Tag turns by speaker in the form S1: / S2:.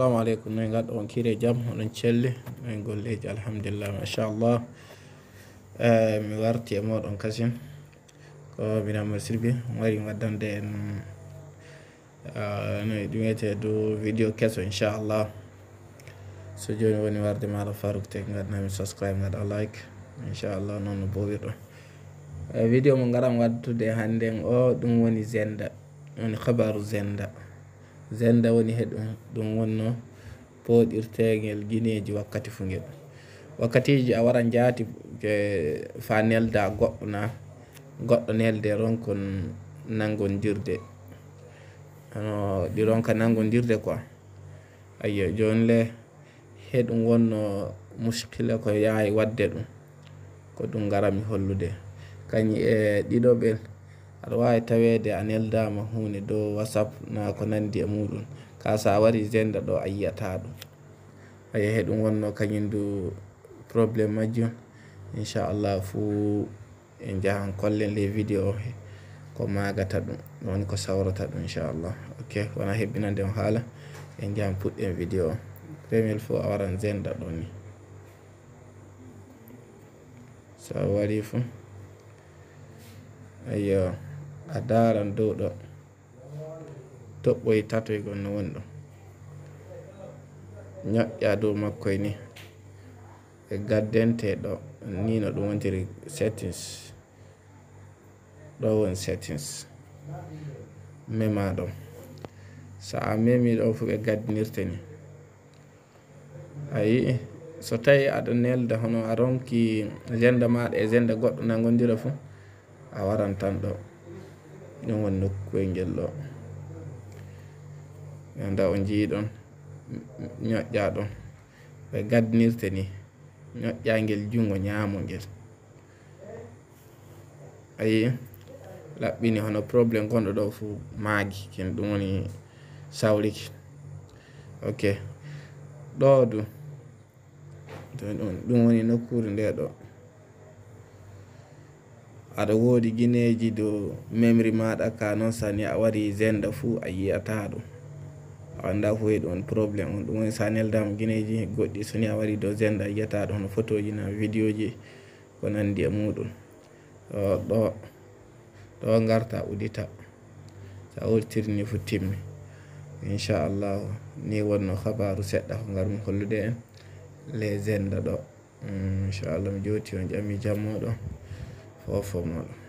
S1: السلام عليكم من قد أون كيري جام هون تشلي من قول ليج الحمد لله ما شاء الله آه، مغارتي أمور أون كاسين كو بنا مرسيبي مغاري مغدام دين آه، نوي دميت دو فيديو كاسو إن شاء الله سو جوني وني واردي مالا فاروك تيك غاد نامي سبسكرايب غاد لايك إن شاء الله نونو بوغيرو آه، فيديو مغارا مغاد تو دي هاندين أو دون وني زيندا وني خبارو zenda woni he ɗum wonno poɗirtegel guineji wakkati fu ngel wakkatiji a waran jaati e fa nelda goɗɗona goɗɗo nelde ronkon nangodirde ano ɗi ronka nangodirde quoi ayo joni le heɗum wonno muskila ko yaawi wadde ɗum ko ɗum garami hollude kañi e ɗiɗoɓel aɗa wawi tawede a neldama hunde dow whatsapp na ko nandi e muɗum ka sa wari zenda ɗo a yiyata ɗum aya heɗum wonno kañumdu probléme majjum inchallah fou en jahan kollen le vidéo ko magata ɗum woni ko sawrata ɗum inchallah ok wona hebbinande on haala en jahan puɗɗen vidéo premiére fo a waran zenda ɗo ni sa wari fo ayo uh, yeah. a daran dow ɗon toɓɓoye tatoygon no woni ɗon ñoƴƴa dow makkoy ni e gaddente ɗo ni no ɗum wontiri settings ɗo woni settings mema ɗon so a memi ɗo fo ɓe gaddinirte ni ayi so tawi aɗa nelda hono a ronki zenda maɗa e zenda goɗɗo nagondira fo a waran tan ɗo ɗum woni nokkuwel ngel ɗo anda o njii ɗon ñoƴƴa ɗon ɓe gadnirte ni ñoƴƴa ngel jungo ñaamo ngel ayi laɓɓini hono probléme gonɗo ɗo fuu maagi kin ɗum woni sawriki ok ɗo du ɗum woni nokkure nde ɗo aɗa woodi gineeji do memri maɗa ka noon sani a wari zenda fuu a yiyata ɗum anda fu hedi on probléme on ɗum woni sa neldama gineeji goɗɗi soni a wari do zenda a yiyata ɗum hono photo ji na vidéo ji ko nandi e muɗum ɗo ɗo garta udita sa wurtirni fu timmi inchallahu ni wonno habaru seɗɗa ko ngarmi hollude en les zenda ɗo mm, inchallah mi jooti on jammi jammoɗo or formal